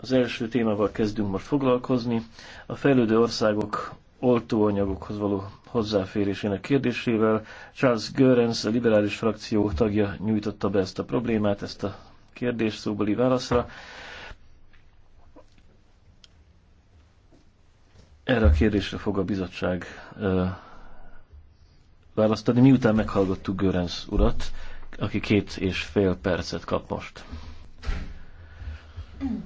Az első témával kezdünk most foglalkozni, a fejlődő országok oltóanyagokhoz való hozzáférésének kérdésével. Charles Görens, a liberális frakció tagja nyújtotta be ezt a problémát, ezt a kérdést szóbeli válaszra. Erre a kérdésre fog a bizottság ö, választani, miután meghallgattuk Görens urat, aki két és fél percet kap most. Mm.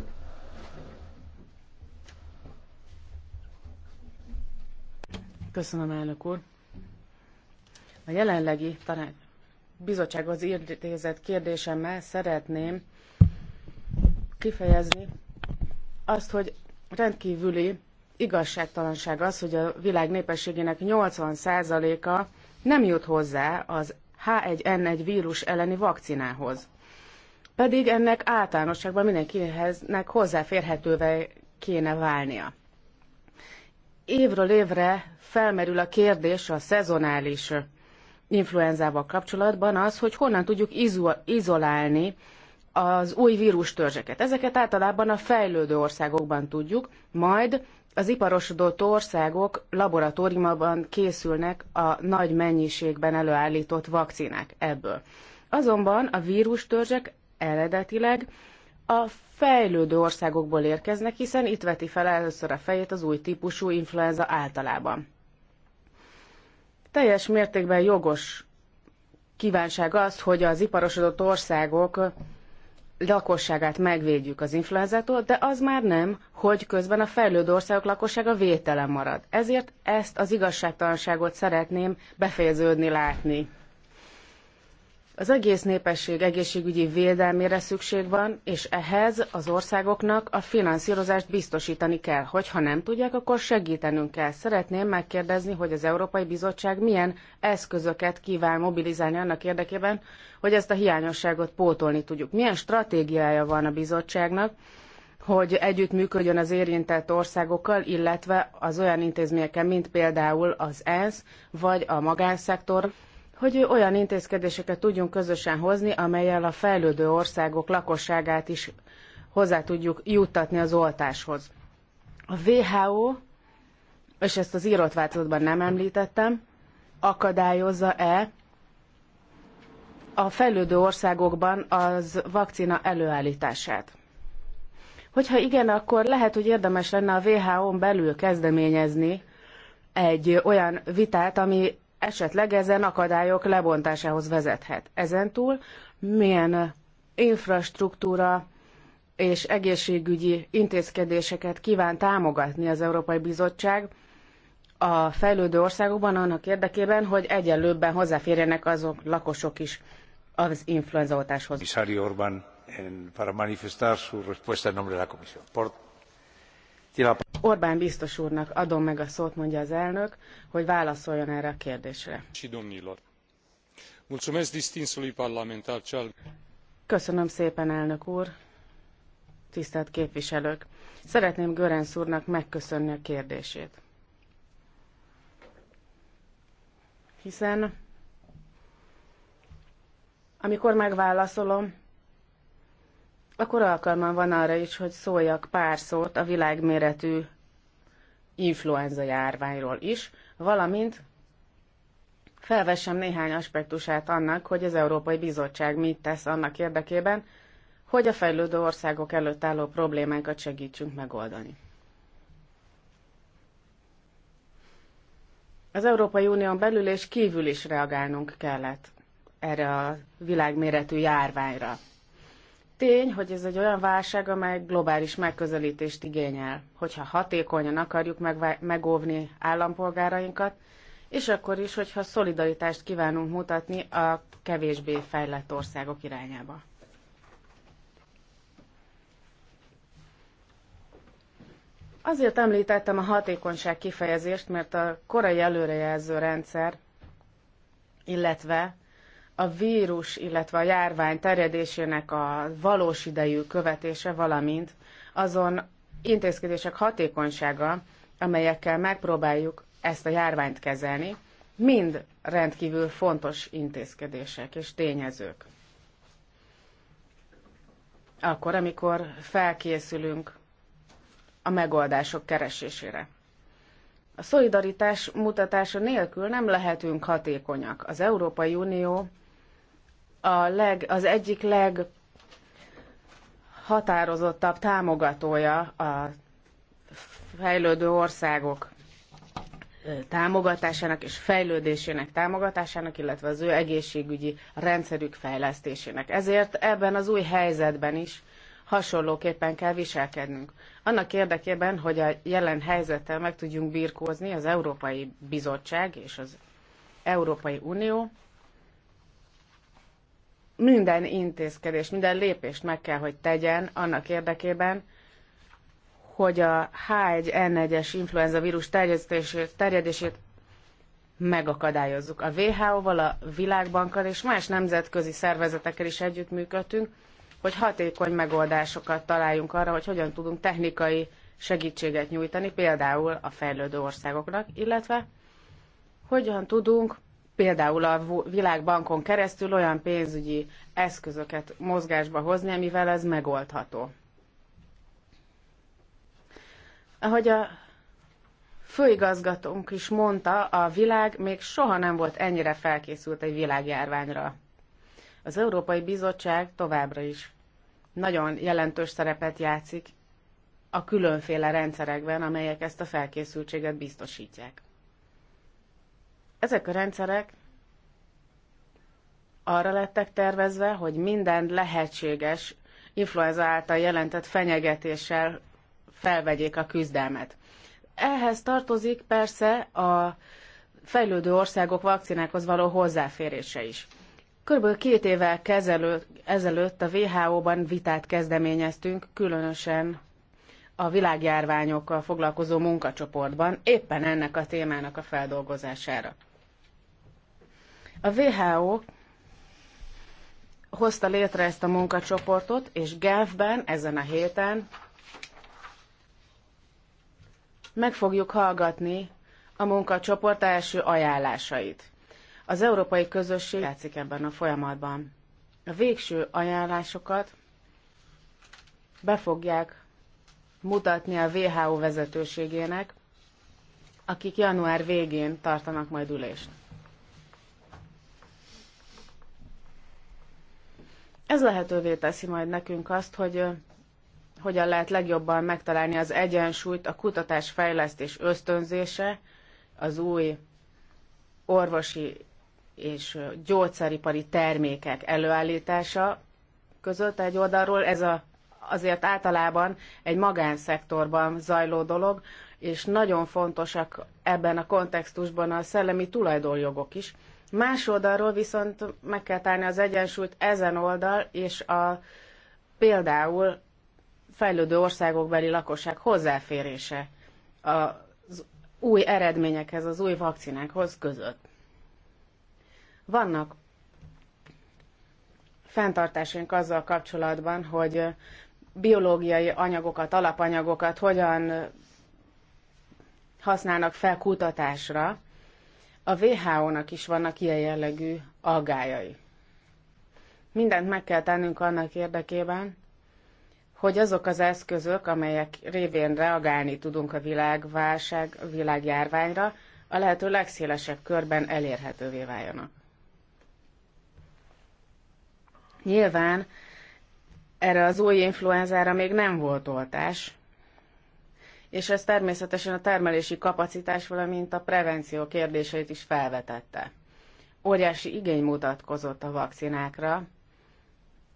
Köszönöm, elnök úr. A jelenlegi tanács bizottsághoz intézett kérdésemmel szeretném kifejezni azt, hogy rendkívüli igazságtalanság az, hogy a világ népességének 80%-a nem jut hozzá az H1N1 vírus elleni vakcinához. Pedig ennek általánosságban mindenkinek hozzáférhetővé kéne válnia évről évre felmerül a kérdés a szezonális influenzával kapcsolatban az, hogy honnan tudjuk izolálni az új vírustörzseket. Ezeket általában a fejlődő országokban tudjuk, majd az iparosodott országok laboratóriumban készülnek a nagy mennyiségben előállított vakcinák ebből. Azonban a vírustörzsek eredetileg a fejlődő országokból érkeznek, hiszen itt veti fel először a fejét az új típusú influenza általában. Teljes mértékben jogos kívánság az, hogy az iparosodott országok lakosságát megvédjük az influenzától, de az már nem, hogy közben a fejlődő országok lakossága vételen marad. Ezért ezt az igazságtalanságot szeretném befejeződni látni. Az egész népesség egészségügyi védelmére szükség van, és ehhez az országoknak a finanszírozást biztosítani kell. Hogyha nem tudják, akkor segítenünk kell. Szeretném megkérdezni, hogy az Európai Bizottság milyen eszközöket kíván mobilizálni annak érdekében, hogy ezt a hiányosságot pótolni tudjuk. Milyen stratégiája van a bizottságnak, hogy együttműködjön az érintett országokkal, illetve az olyan intézményekkel, mint például az ENSZ vagy a magánszektor, hogy olyan intézkedéseket tudjunk közösen hozni, amelyel a fejlődő országok lakosságát is hozzá tudjuk juttatni az oltáshoz. A WHO, és ezt az írott változatban nem említettem, akadályozza-e a fejlődő országokban az vakcina előállítását? Hogyha igen, akkor lehet, hogy érdemes lenne a WHO-n belül kezdeményezni egy olyan vitát, ami esetleg ezen akadályok lebontásához vezethet. Ezen túl milyen infrastruktúra és egészségügyi intézkedéseket kíván támogatni az Európai Bizottság a fejlődő országokban annak érdekében, hogy egyenlőbben hozzáférjenek azok lakosok is az influenzaoltáshoz. Orbán, para manifestar su respuesta en nombre de la Comisión. Por Orbán biztos úrnak adom meg a szót, mondja az elnök, hogy válaszoljon erre a kérdésre. Köszönöm szépen, elnök úr, tisztelt képviselők. Szeretném Görens úrnak megköszönni a kérdését. Hiszen amikor megválaszolom, akkor alkalmam van arra is, hogy szóljak pár szót a világméretű influenza járványról is, valamint felvessem néhány aspektusát annak, hogy az Európai Bizottság mit tesz annak érdekében, hogy a fejlődő országok előtt álló problémákat segítsünk megoldani. Az Európai Unión belül és kívül is reagálnunk kellett erre a világméretű járványra. Tény, hogy ez egy olyan válság, amely globális megközelítést igényel, hogyha hatékonyan akarjuk megóvni állampolgárainkat, és akkor is, hogyha szolidaritást kívánunk mutatni a kevésbé fejlett országok irányába. Azért említettem a hatékonyság kifejezést, mert a korai előrejelző rendszer, illetve a vírus, illetve a járvány terjedésének a valós idejű követése, valamint azon intézkedések hatékonysága, amelyekkel megpróbáljuk ezt a járványt kezelni, mind rendkívül fontos intézkedések és tényezők. Akkor, amikor felkészülünk a megoldások keresésére. A szolidaritás mutatása nélkül nem lehetünk hatékonyak. Az Európai Unió a leg, az egyik leghatározottabb támogatója a fejlődő országok támogatásának és fejlődésének támogatásának, illetve az ő egészségügyi rendszerük fejlesztésének. Ezért ebben az új helyzetben is hasonlóképpen kell viselkednünk. Annak érdekében, hogy a jelen helyzettel meg tudjunk birkózni, az Európai Bizottság és az Európai Unió minden intézkedés, minden lépést meg kell, hogy tegyen annak érdekében, hogy a H1N1-es influenza vírus terjedését, terjedését megakadályozzuk. A WHO-val, a Világbankkal és más nemzetközi szervezetekkel is együttműködtünk, hogy hatékony megoldásokat találjunk arra, hogy hogyan tudunk technikai segítséget nyújtani, például a fejlődő országoknak, illetve hogyan tudunk például a világbankon keresztül olyan pénzügyi eszközöket mozgásba hozni, amivel ez megoldható. Ahogy a főigazgatónk is mondta, a világ még soha nem volt ennyire felkészült egy világjárványra. Az Európai Bizottság továbbra is nagyon jelentős szerepet játszik a különféle rendszerekben, amelyek ezt a felkészültséget biztosítják. Ezek a rendszerek arra lettek tervezve, hogy minden lehetséges influenza által jelentett fenyegetéssel felvegyék a küzdelmet. Ehhez tartozik persze a fejlődő országok vakcinákhoz való hozzáférése is. Körülbelül két évvel kezelő, ezelőtt a WHO-ban vitát kezdeményeztünk, különösen a világjárványokkal foglalkozó munkacsoportban, éppen ennek a témának a feldolgozására. A WHO hozta létre ezt a munkacsoportot, és Genfben ezen a héten meg fogjuk hallgatni a munkacsoport első ajánlásait. Az európai közösség játszik ebben a folyamatban. A végső ajánlásokat be fogják mutatni a WHO vezetőségének, akik január végén tartanak majd ülést. Ez lehetővé teszi majd nekünk azt, hogy hogyan lehet legjobban megtalálni az egyensúlyt a kutatás fejlesztés ösztönzése, az új orvosi és gyógyszeripari termékek előállítása között egy oldalról. Ez a, azért általában egy magánszektorban zajló dolog, és nagyon fontosak ebben a kontextusban a szellemi tulajdonjogok is, Más oldalról viszont meg kell tárni az egyensúlyt ezen oldal és a például fejlődő országokbeli lakosság hozzáférése az új eredményekhez, az új vakcinákhoz között. Vannak fenntartásunk azzal kapcsolatban, hogy biológiai anyagokat, alapanyagokat hogyan használnak fel kutatásra, a WHO-nak is vannak ilyen jellegű aggájai. Mindent meg kell tennünk annak érdekében, hogy azok az eszközök, amelyek révén reagálni tudunk a világválság, a világjárványra, a lehető legszélesebb körben elérhetővé váljanak. Nyilván erre az új influenzára még nem volt oltás, és ez természetesen a termelési kapacitás, valamint a prevenció kérdéseit is felvetette. Óriási igény mutatkozott a vakcinákra,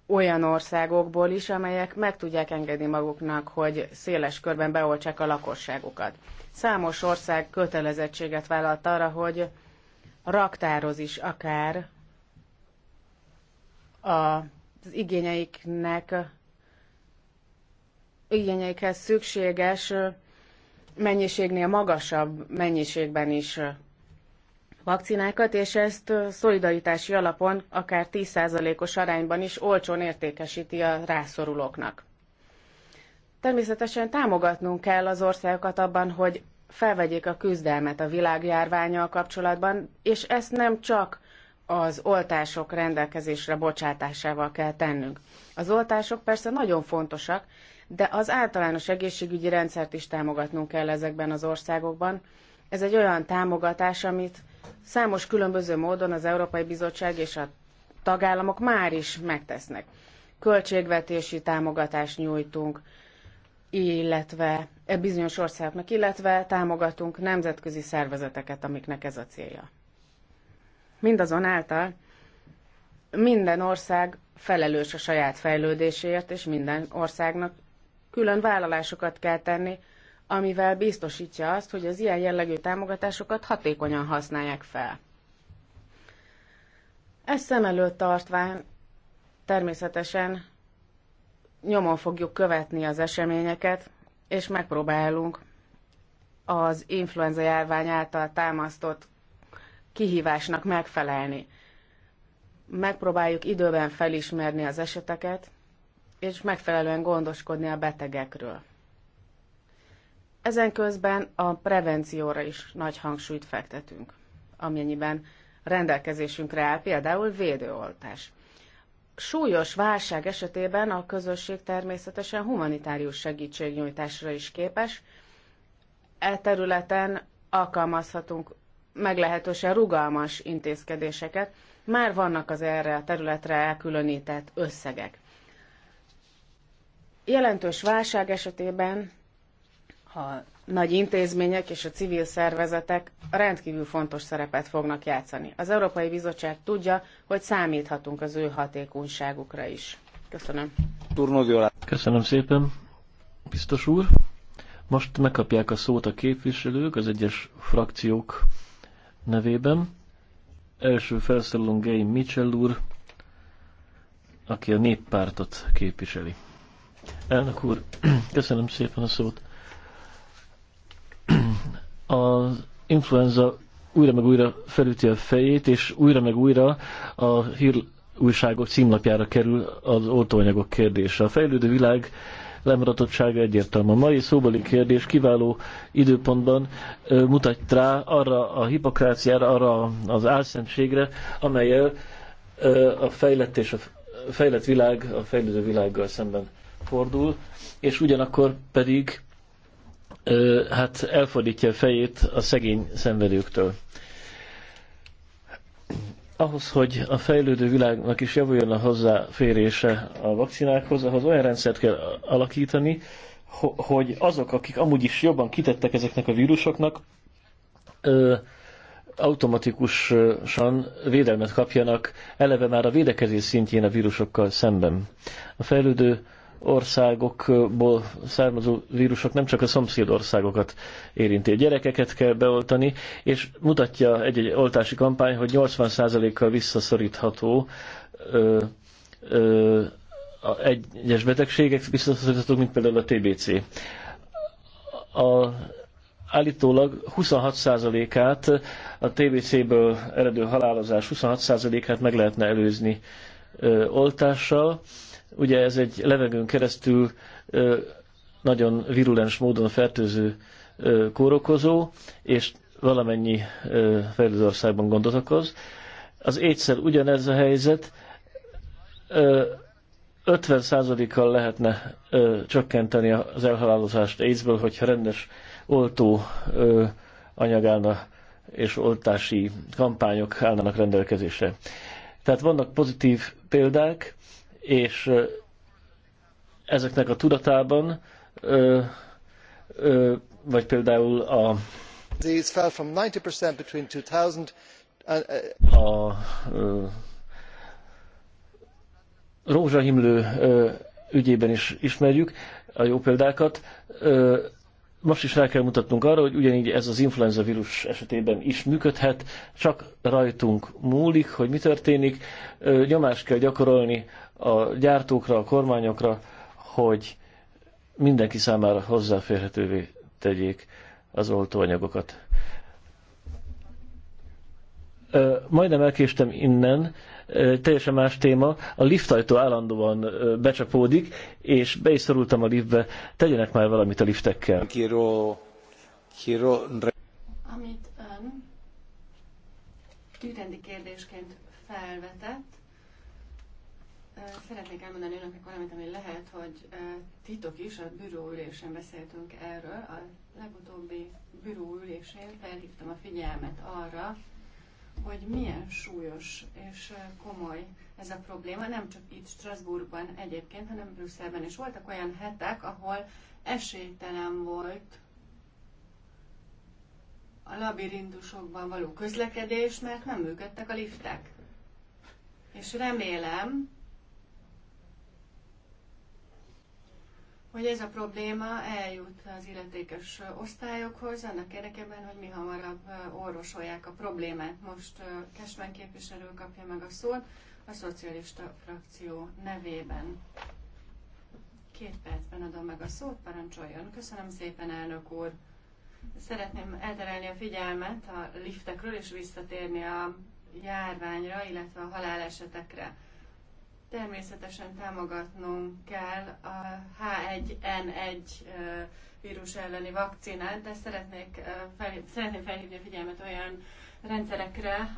olyan országokból is, amelyek meg tudják engedni maguknak, hogy széles körben beoltsák a lakosságukat. Számos ország kötelezettséget vállalt arra, hogy raktároz is akár az igényeiknek igényeikhez szükséges mennyiségnél magasabb mennyiségben is vakcinákat, és ezt szolidaritási alapon akár 10%-os arányban is olcsón értékesíti a rászorulóknak. Természetesen támogatnunk kell az országokat abban, hogy felvegyék a küzdelmet a világjárványal kapcsolatban, és ezt nem csak az oltások rendelkezésre bocsátásával kell tennünk. Az oltások persze nagyon fontosak, de az általános egészségügyi rendszert is támogatnunk kell ezekben az országokban. Ez egy olyan támogatás, amit számos különböző módon az Európai Bizottság és a tagállamok már is megtesznek. Költségvetési támogatást nyújtunk, illetve e bizonyos országoknak, illetve támogatunk nemzetközi szervezeteket, amiknek ez a célja. Mindazonáltal minden ország felelős a saját fejlődéséért, és minden országnak külön vállalásokat kell tenni, amivel biztosítja azt, hogy az ilyen jellegű támogatásokat hatékonyan használják fel. Ezt szem előtt tartván természetesen nyomon fogjuk követni az eseményeket, és megpróbálunk az influenza járvány által támasztott kihívásnak megfelelni. Megpróbáljuk időben felismerni az eseteket, és megfelelően gondoskodni a betegekről. Ezen közben a prevencióra is nagy hangsúlyt fektetünk, amennyiben rendelkezésünkre áll például védőoltás. Súlyos válság esetében a közösség természetesen humanitárius segítségnyújtásra is képes. E területen alkalmazhatunk meglehetősen rugalmas intézkedéseket, már vannak az erre a területre elkülönített összegek jelentős válság esetében a nagy intézmények és a civil szervezetek rendkívül fontos szerepet fognak játszani. Az Európai Bizottság tudja, hogy számíthatunk az ő hatékonyságukra is. Köszönöm. Köszönöm szépen, biztos úr. Most megkapják a szót a képviselők az egyes frakciók nevében. Első felszólalunk Gay Mitchell úr, aki a néppártot képviseli. Elnök úr, köszönöm szépen a szót. Az influenza újra meg újra felüti a fejét, és újra meg újra a hír újságok címlapjára kerül az oltóanyagok kérdése. A fejlődő világ lemaradottsága egyértelmű. A mai szóbeli kérdés kiváló időpontban mutat rá arra a hipokráciára, arra az álszentségre, amelyel a fejlett és a fejlett világ a fejlődő világgal szemben fordul, és ugyanakkor pedig hát elfordítja a fejét a szegény szenvedőktől. Ahhoz, hogy a fejlődő világnak is javuljon a hozzáférése a vakcinákhoz, ahhoz olyan rendszert kell alakítani, hogy azok, akik amúgy is jobban kitettek ezeknek a vírusoknak, automatikusan védelmet kapjanak eleve már a védekezés szintjén a vírusokkal szemben. A fejlődő országokból származó vírusok nem csak a szomszéd országokat érinti. Gyerekeket kell beoltani, és mutatja egy-egy oltási kampány, hogy 80%-kal visszaszorítható ö, ö, a egyes betegségek visszaszoríthatók, mint például a TBC. A, állítólag 26%-át a TBC-ből eredő halálozás 26%-át meg lehetne előzni ö, oltással. Ö, Ugye ez egy levegőn keresztül nagyon virulens módon fertőző kórokozó, és valamennyi fejlődő országban gondot okoz. Az étszer ugyanez a helyzet, 50%-kal lehetne ö, csökkenteni az elhalálozást AIDS-ből, hogyha rendes oltó ö, anyag állna és oltási kampányok állnának rendelkezésre. Tehát vannak pozitív példák, és ezeknek a tudatában, vagy például a uh, a rózsahimlő ügyében is ismerjük a jó példákat most is rá kell mutatnunk arra, hogy ugyanígy ez az influenza vírus esetében is működhet, csak rajtunk múlik, hogy mi történik. Nyomást kell gyakorolni a gyártókra, a kormányokra, hogy mindenki számára hozzáférhetővé tegyék az oltóanyagokat majdnem elkéstem innen, teljesen más téma, a liftajtó állandóan becsapódik, és be is szorultam a liftbe, tegyenek már valamit a liftekkel. Kiro, kiro... Amit ön tűtendi kérdésként felvetett, Szeretnék elmondani önöknek valamit, ami lehet, hogy titok is, a bürőülésen beszéltünk erről. A legutóbbi bürőülésén felhívtam a figyelmet arra, hogy milyen súlyos és komoly ez a probléma, nem csak itt Strasbourgban egyébként, hanem Brüsszelben is. Voltak olyan hetek, ahol esélytelen volt a labirintusokban való közlekedés, mert nem működtek a liftek. És remélem, hogy ez a probléma eljut az illetékes osztályokhoz, annak érdekében, hogy mi hamarabb orvosolják a problémát. Most Kesmen képviselő kapja meg a szót a szocialista frakció nevében. Két percben adom meg a szót, parancsoljon. Köszönöm szépen, elnök úr. Szeretném elterelni a figyelmet a liftekről, és visszatérni a járványra, illetve a halálesetekre. Természetesen támogatnunk kell a H1N1 vírus elleni vakcinát, de szeretnék, fel, szeretném felhívni a figyelmet olyan rendszerekre,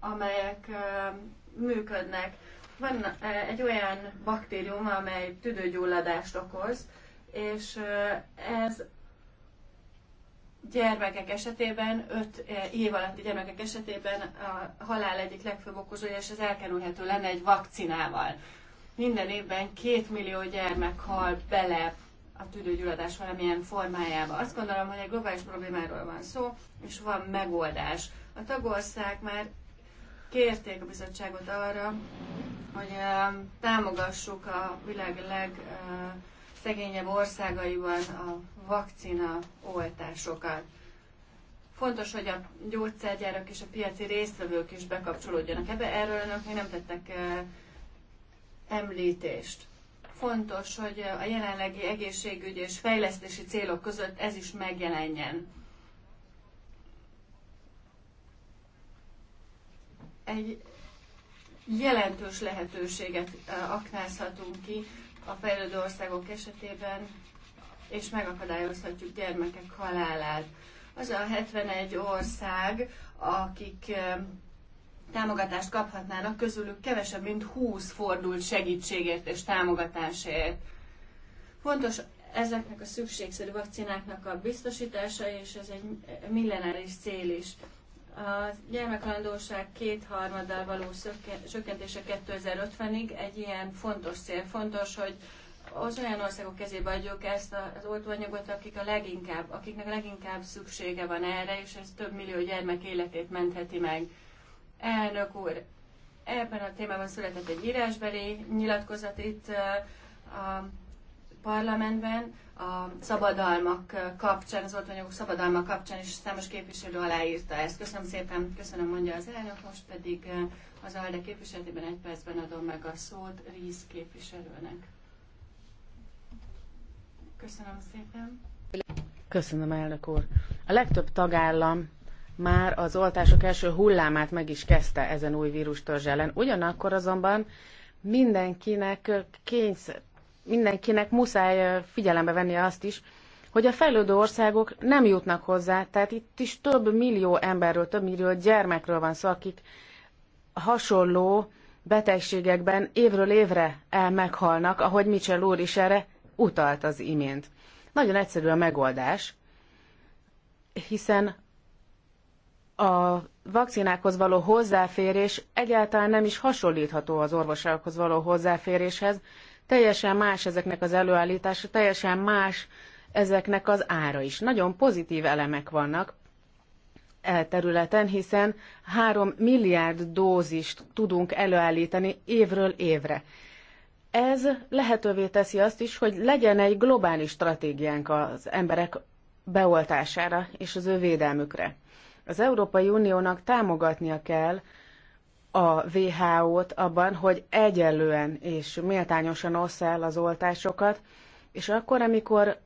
amelyek működnek. Van egy olyan baktérium, amely tüdőgyulladást okoz, és ez gyermekek esetében, 5 eh, év alatti gyermekek esetében a halál egyik legfőbb okozója, és ez elkerülhető lenne egy vakcinával. Minden évben két millió gyermek hal bele a tüdőgyulladás valamilyen formájába. Azt gondolom, hogy egy globális problémáról van szó, és van megoldás. A tagország már kérték a bizottságot arra, hogy eh, támogassuk a világ legszegényebb eh, országaiban a vakcina oltásokat. Fontos, hogy a gyógyszergyárak és a piaci résztvevők is bekapcsolódjanak ebbe, erről önök még nem tettek eh, említést. Fontos, hogy a jelenlegi egészségügyi és fejlesztési célok között ez is megjelenjen. Egy jelentős lehetőséget eh, aknázhatunk ki a fejlődő országok esetében, és megakadályozhatjuk gyermekek halálát. Az a 71 ország, akik támogatást kaphatnának, közülük kevesebb, mint 20 fordult segítségért és támogatásért. Fontos ezeknek a szükségszerű vakcináknak a biztosítása, és ez egy millenáris cél is. A gyermekhalandóság kétharmaddal való csökkentése 2050-ig egy ilyen fontos cél. Fontos, hogy az olyan országok kezébe adjuk ezt az oltóanyagot, akik a leginkább, akiknek a leginkább szüksége van erre, és ez több millió gyermek életét mentheti meg. Elnök úr, ebben a témában született egy írásbeli nyilatkozat itt a parlamentben, a szabadalmak kapcsán, az oltóanyagok szabadalma kapcsán is számos képviselő aláírta ezt. Köszönöm szépen, köszönöm mondja az elnök, most pedig az ALDE képviseletében egy percben adom meg a szót Ríz képviselőnek. Köszönöm szépen. Köszönöm, elnök úr. A legtöbb tagállam már az oltások első hullámát meg is kezdte ezen új vírustörzs ellen. Ugyanakkor azonban mindenkinek kényszer, mindenkinek muszáj figyelembe venni azt is, hogy a fejlődő országok nem jutnak hozzá, tehát itt is több millió emberről, több millió gyermekről van szó, akik hasonló betegségekben évről évre meghalnak, ahogy Mitchell úr is erre utalt az imént. Nagyon egyszerű a megoldás, hiszen a vakcinákhoz való hozzáférés egyáltalán nem is hasonlítható az orvosokhoz való hozzáféréshez, teljesen más ezeknek az előállítása, teljesen más ezeknek az ára is. Nagyon pozitív elemek vannak e területen, hiszen 3 milliárd dózist tudunk előállítani évről évre. Ez lehetővé teszi azt is, hogy legyen egy globális stratégiánk az emberek beoltására és az ő védelmükre. Az Európai Uniónak támogatnia kell a WHO-t abban, hogy egyenlően és méltányosan ossz el az oltásokat, és akkor, amikor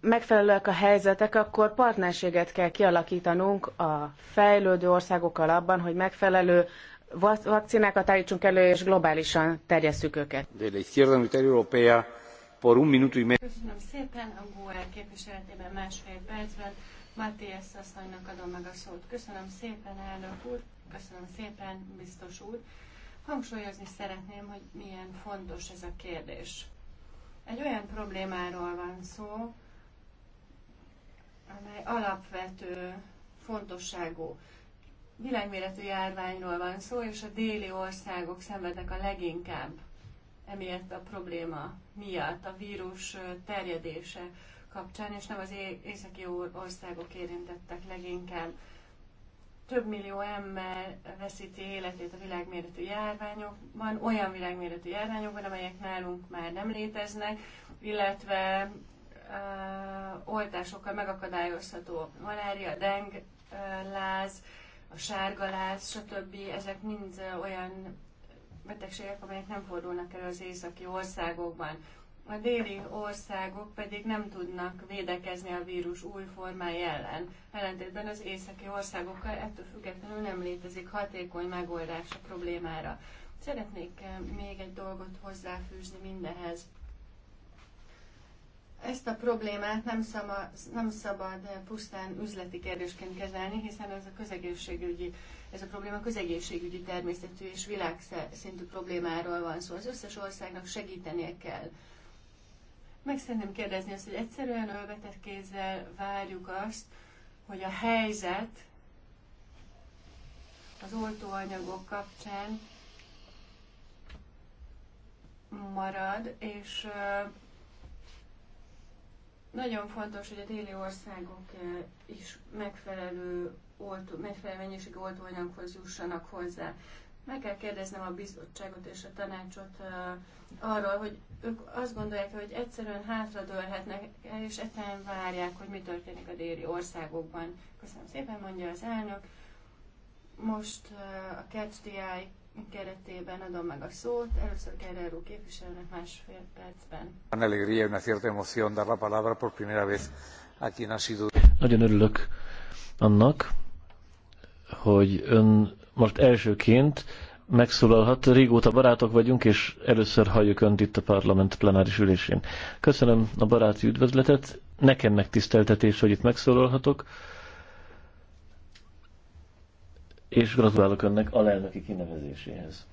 megfelelőek a helyzetek, akkor partnerséget kell kialakítanunk a fejlődő országokkal abban, hogy megfelelő vakcinákat állítsunk elő, és globálisan terjesszük őket. De la izquierda unitaria europea por un minuto y medio. Köszönöm szépen a GUE képviseletében másfél percben. Matthias asszonynak adom meg a szót. Köszönöm szépen, elnök úr, köszönöm szépen, biztos úr. Hangsúlyozni szeretném, hogy milyen fontos ez a kérdés. Egy olyan problémáról van szó, amely alapvető fontosságú világméretű járványról van szó, és a déli országok szenvednek a leginkább emiatt a probléma miatt, a vírus terjedése kapcsán, és nem az északi országok érintettek leginkább. Több millió ember veszíti életét a világméretű járványokban, olyan világméretű járványokban, amelyek nálunk már nem léteznek, illetve ö, oltásokkal megakadályozható malária, deng, ö, láz, ö, a láz, stb. Ezek mind olyan betegségek, amelyek nem fordulnak elő az északi országokban. A déli országok pedig nem tudnak védekezni a vírus új formája ellen. Ellentétben az északi országokkal ettől függetlenül nem létezik hatékony megoldás a problémára. Szeretnék még egy dolgot hozzáfűzni mindehez. Ezt a problémát nem, szabad, nem szabad pusztán üzleti kérdésként kezelni, hiszen ez a közegészségügyi, ez a probléma közegészségügyi természetű és világszintű problémáról van szó. Szóval az összes országnak segítenie kell. Meg szeretném kérdezni azt, hogy egyszerűen ölvetett kézzel várjuk azt, hogy a helyzet az oltóanyagok kapcsán marad, és nagyon fontos, hogy a déli országok eh, is megfelelő, oltó, megfelelő mennyiségű oltóanyaghoz jussanak hozzá. Meg kell kérdeznem a bizottságot és a tanácsot eh, arról, hogy ők azt gondolják, hogy egyszerűen hátradőlhetnek, és egyszerűen várják, hogy mi történik a déli országokban. Köszönöm szépen, mondja az elnök. Most eh, a KCDI keretében adom meg a szót. Először Guerrero képviselőnek másfél percben. Van alegría, una cierta emoción dar la palabra por primera vez a quien ha sido... Nagyon örülök annak, hogy ön most elsőként megszólalhat. Régóta barátok vagyunk, és először halljuk Önt itt a parlament plenáris ülésén. Köszönöm a baráti üdvözletet. Nekem megtiszteltetés, hogy itt megszólalhatok és gratulálok önnek lelnöki kinevezéséhez.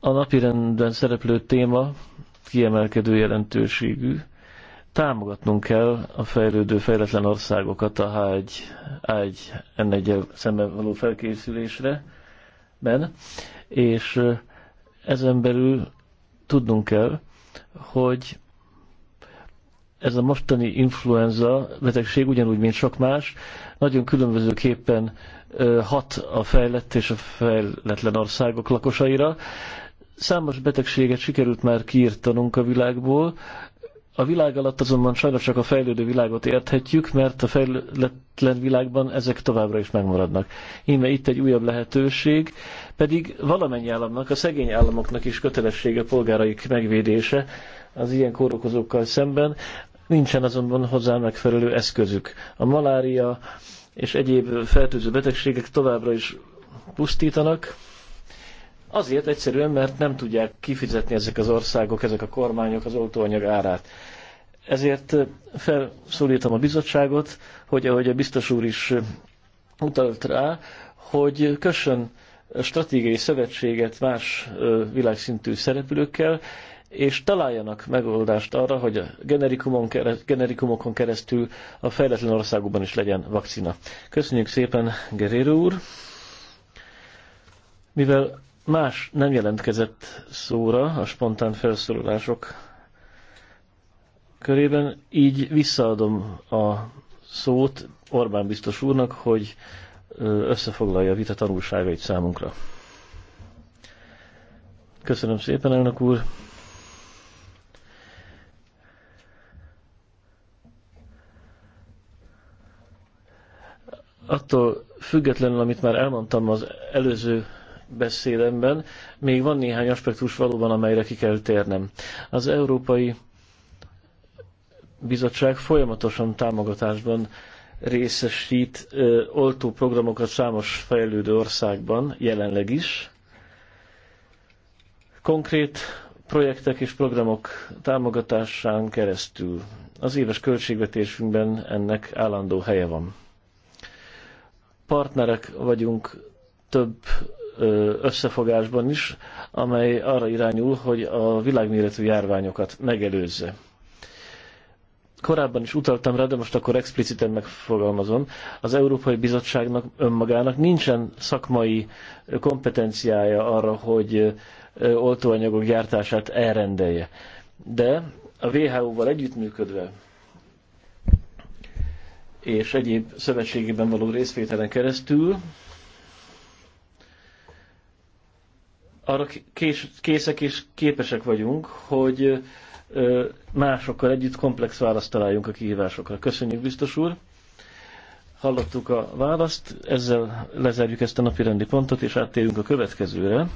A napirenden szereplő téma kiemelkedő jelentőségű. Támogatnunk kell a fejlődő, fejletlen országokat a hágy, ágy H1 ennek szemben való felkészülésre, ben, és ezen belül tudnunk kell, hogy ez a mostani influenza betegség ugyanúgy, mint sok más, nagyon különbözőképpen hat a fejlett és a fejletlen országok lakosaira. Számos betegséget sikerült már kiírtanunk a világból, a világ alatt azonban sajnos csak a fejlődő világot érthetjük, mert a fejletlen világban ezek továbbra is megmaradnak. Íme itt egy újabb lehetőség, pedig valamennyi államnak, a szegény államoknak is kötelessége polgáraik megvédése az ilyen kórokozókkal szemben nincsen azonban hozzá megfelelő eszközük. A malária és egyéb fertőző betegségek továbbra is pusztítanak, Azért egyszerűen, mert nem tudják kifizetni ezek az országok, ezek a kormányok az oltóanyag árát. Ezért felszólítom a bizottságot, hogy ahogy a biztos úr is utalt rá, hogy kössön stratégiai szövetséget más világszintű szereplőkkel, és találjanak megoldást arra, hogy a generikumon kereszt, generikumokon keresztül a fejletlen országokban is legyen vakcina. Köszönjük szépen, Gerérő úr! Mivel más nem jelentkezett szóra a spontán felszólalások körében, így visszaadom a szót Orbán biztos úrnak, hogy összefoglalja a vita tanulságait számunkra. Köszönöm szépen, elnök úr! attól függetlenül, amit már elmondtam az előző beszédemben, még van néhány aspektus valóban, amelyre ki kell térnem. Az Európai Bizottság folyamatosan támogatásban részesít ö, oltó programokat számos fejlődő országban, jelenleg is. Konkrét projektek és programok támogatásán keresztül az éves költségvetésünkben ennek állandó helye van partnerek vagyunk több összefogásban is, amely arra irányul, hogy a világméretű járványokat megelőzze. Korábban is utaltam rá, de most akkor expliciten megfogalmazom. Az Európai Bizottságnak önmagának nincsen szakmai kompetenciája arra, hogy oltóanyagok gyártását elrendelje. De a WHO-val együttműködve és egyéb szövetségében való részvételen keresztül. Arra kés, készek és képesek vagyunk, hogy másokkal együtt komplex választ találjunk a kihívásokra. Köszönjük, biztos úr! Hallottuk a választ, ezzel lezárjuk ezt a napi rendi pontot, és áttérünk a következőre,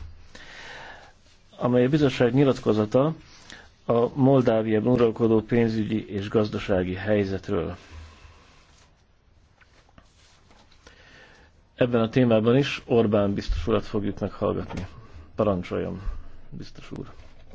amely a bizottság nyilatkozata a Moldáviában uralkodó pénzügyi és gazdasági helyzetről. ebben a témában is Orbán biztos urat fogjuk meghallgatni. Parancsoljon, biztos úr!